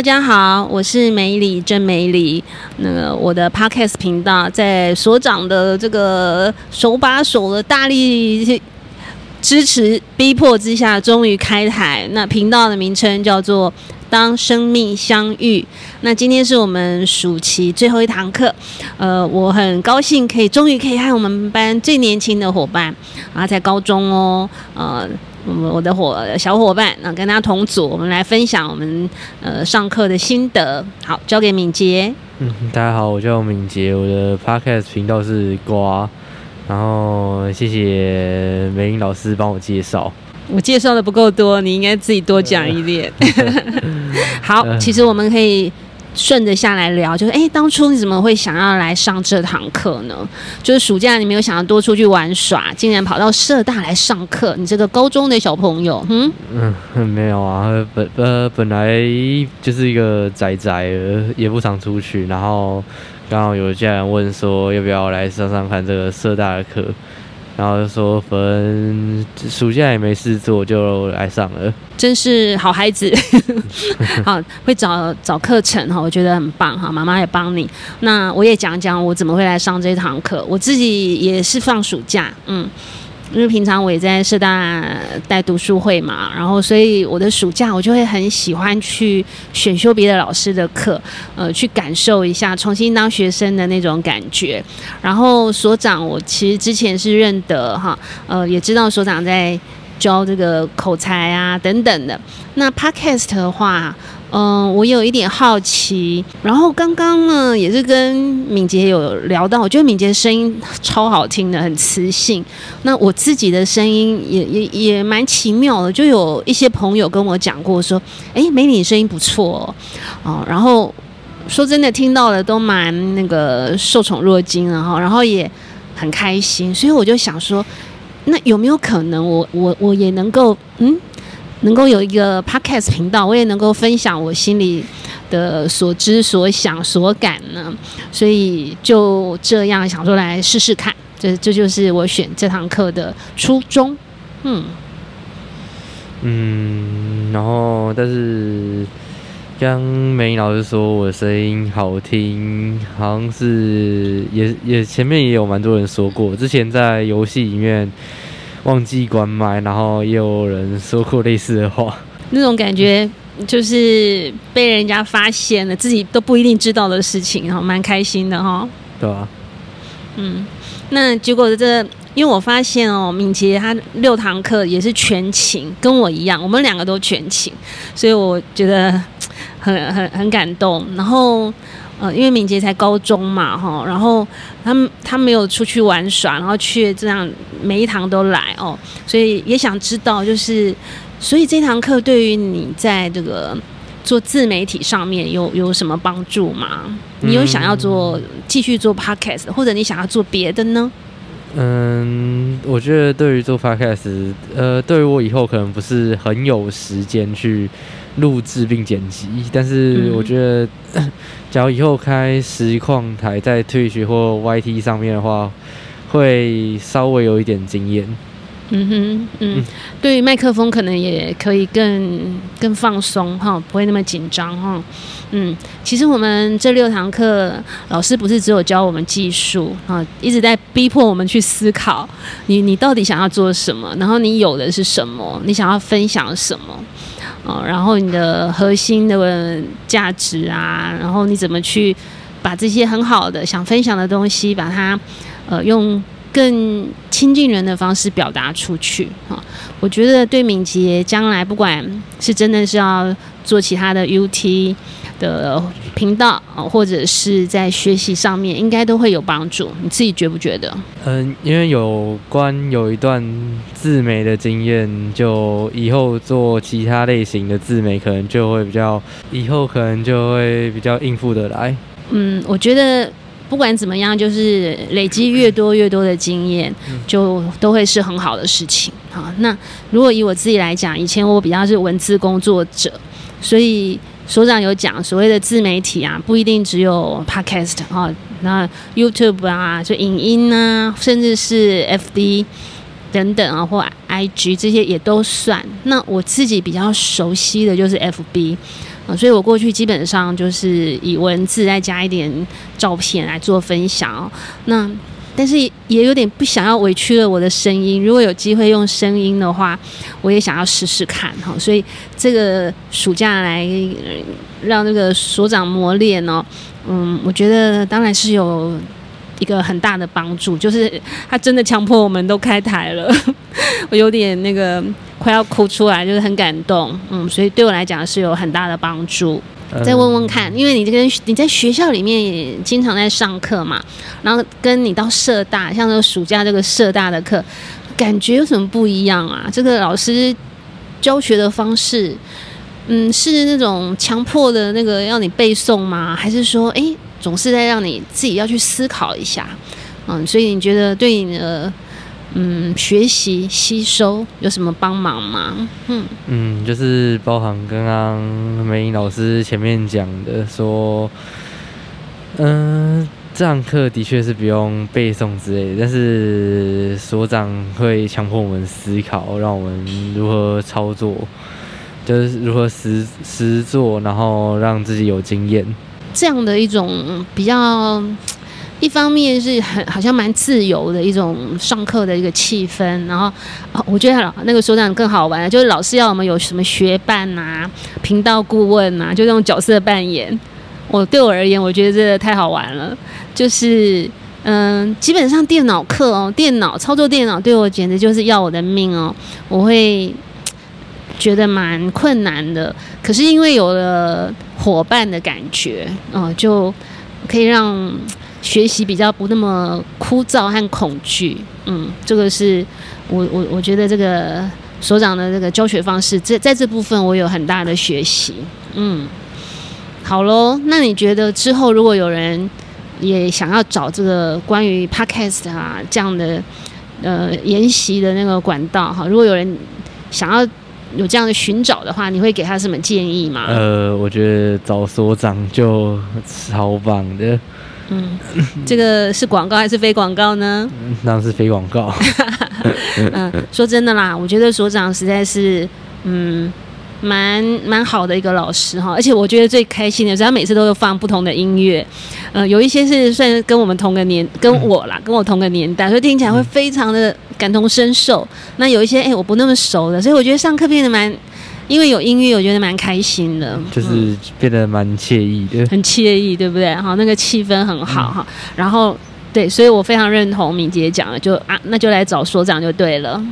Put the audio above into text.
大家好，我是美裡真美裡。那個我的 podcast 頻道，在所長的這個手把手的大力支持、逼迫之下，終於開台。那頻道的名稱叫做《當生命相遇》。那今天是我們暑期最後一堂課，呃，我很高興可以終於可以看我們班最年輕的夥伴，啊，在高中哦，嗯、呃。我們我的伙小伙伴、啊，那跟大家同組，我們來分享我們呃上課的心得。好，交給敏杰。嗯，大家好，我叫敏杰，我的 Podcast 頻道是呱。然後謝謝美裡老師幫我介紹，我介紹的不夠多，你應該自己多講一點。 好，其實我們可以。順着下來聊，就是，欸，當初你怎麼會想要來上這堂課呢？就是暑假你沒有想要多出去玩耍，竟然跑到社大來上課，你這個高中的小朋友，嗯嗯，沒有啊，本呃本來就是一個宅宅，也不常出去，然後剛好有家人問說要不要來上上看這個社大的課。然後就說，反正暑假也沒事做，就來上了。真是好孩子， 好會找找課程哈，我覺得很棒哈。媽媽也幫你，那我也講講我怎麼會來上這堂課。我自己也是放暑假，嗯。因為平常我也在社大帶讀書會嘛，然後所以我的暑假我就會很喜歡去選修別的老師的課，呃，去感受一下重新當學生的那種感覺。然後所長，我其實之前是認得哈，呃，也知道所長在。教這個口才啊等等的，那 podcast 的話，嗯，我有一點好奇。然後剛剛呢，也是跟敏傑有聊到，我覺得敏傑聲音超好聽的，很磁性。那我自己的聲音也也也蠻奇妙的，就有一些朋友跟我講過，說，哎，美女聲音不錯哦。哦，然後說真的，聽到了都蠻那個受寵若驚的，哦，然後也很開心。所以我就想說。那有沒有可能我，我我我也能夠，嗯，能夠有一個 podcast 頻道，我也能夠分享我心裡的所知所想所感呢？所以就這樣想說來試試看，這這就是我選這堂課的初衷。嗯嗯，然後但是。剛美里老師說我聲音好聽，好像是也也前面也有蠻多人說過，之前在遊戲裡面忘記關麥，然後也有人說過類似的話，那種感覺就是被人家發現了，自己都不一定知道的事情，然後蠻開心的哈、哦。對啊，嗯，那結果這因為我發現哦，敏捷他六堂課也是全勤，跟我一樣，我們兩個都全勤，所以我覺得。很很很感動，然後，呃，因為敏傑才高中嘛，哈、哦，然後他們他沒有出去玩耍，然後卻這樣每一堂都來哦，所以也想知道，就是所以這堂課對於你在這個做自媒體上面有有什麼幫助嗎？你有想要做繼續做 podcast，或者你想要做別的呢？嗯，我覺得對於做 podcast，呃，對於我以後可能不是很有時間去錄製並剪輯，但是我覺得，嗯、假如以後開實況台在 Twitch 或 YT 上面的話，會稍微有一點經驗。嗯哼嗯，對於麥克風可能也可以更更放鬆哈、哦，不會那麼緊張哈、哦。嗯，其實我們這六堂課老師不是只有教我們技術啊、哦，一直在逼迫我們去思考，你你到底想要做什麼，然後你有的是什麼，你想要分享什麼啊、哦，然後你的核心的價值啊，然後你怎麼去把這些很好的想分享的東西，把它呃用更親近人的方式表達出去哈，我覺得對美里將來不管是真的是要做其他的 UT 的頻道，或者是在學習上面，應該都會有幫助。你自己覺不覺得？嗯，因為有關有一段自媒的經驗，就以後做其他類型的自媒，可能就會比較，以後可能就會比較應付得來。嗯，我覺得。不管怎麼樣，就是累積越多越多的經驗，就都會是很好的事情。哈，那如果以我自己來講，以前我比較是文字工作者，所以所長有講所謂的自媒體啊，不一定只有 Podcast 啊，那 YouTube 啊，就影音啊，甚至是 FB 等等啊，或 IG 這些也都算。那我自己比較熟悉的就是 FB。所以，我過去基本上就是以文字再加一點照片來做分享哦。那但是也有點不想要委屈了我的聲音。如果有機會用聲音的話，我也想要試試看哈哦。所以這個暑假來讓那個所長磨練哦。嗯，我覺得當然是有一個很大的幫助。就是他真的強迫我們都開台了， 我有點那個。快要哭出來，就是很感動，嗯，所以對我來講是有很大的幫助。嗯，再問問看，因為你這個你在學校裡面也經常在上課嘛，然後跟你到社大，像這個暑假這個社大的課，感覺有什麼不一樣啊？這個老師教學的方式，嗯，是那種強迫的那個要你背誦嗎？還是說，誒，總是在讓你自己要去思考一下？嗯，所以你覺得對你的？嗯，學習吸收有什麼幫忙嗎？嗯，嗯就是包含剛剛美里老師前面講的，說，嗯、呃，這堂課的確是不用背誦之類的，但是所長會強迫我們思考，讓我們如何操作，就是如何實實做，然後讓自己有經驗，這樣的一種比較。一方面是很好像蠻自由的一種上課的一個氣氛，然後、哦，我覺得那個所長更好玩，就是老師要我們有，有什麼學伴吶、啊、頻道顧問吶、啊，就這種角色扮演。我對我而言，我覺得這太好玩了。就是嗯、呃，基本上電腦課哦，電腦操作電腦對我簡直就是要我的命哦，我會覺得蠻困難的。可是因為有了夥伴的感覺，嗯、呃，就可以讓。學習比較不那麼枯燥和恐懼，嗯，這個是我我我覺得這個所長的這個教學方式，這在這部分我有很大的學習，嗯，好嘍。那你覺得之後如果有人也想要找這個關於 podcast 啊這樣的呃研習的那個管道哈，如果有人想要有這樣的尋找的話，你會給他什麼建議嗎？呃，我覺得找所長就超棒的。嗯，這個是廣告還是非廣告呢？嗯？那是非廣告。 嗯，說真的啦，我覺得所長實在是嗯，蠻蠻好的一個老師哈。而且我覺得最開心的是他每次都會放不同的音樂，呃，有一些是算跟我們同個年，跟我啦，跟我同個年代，所以聽起來會非常的感同身受。嗯，那有一些哎，欸，我不那麼熟的，所以我覺得上課變得蠻。因為有音樂，我覺得蠻開心的，就是變得蠻愜意的，嗯、很愜意，對不對？哈，那個氣氛很好哈、嗯。然後，對，所以我非常認同敏傑講的，就啊，那就來找所長就對了。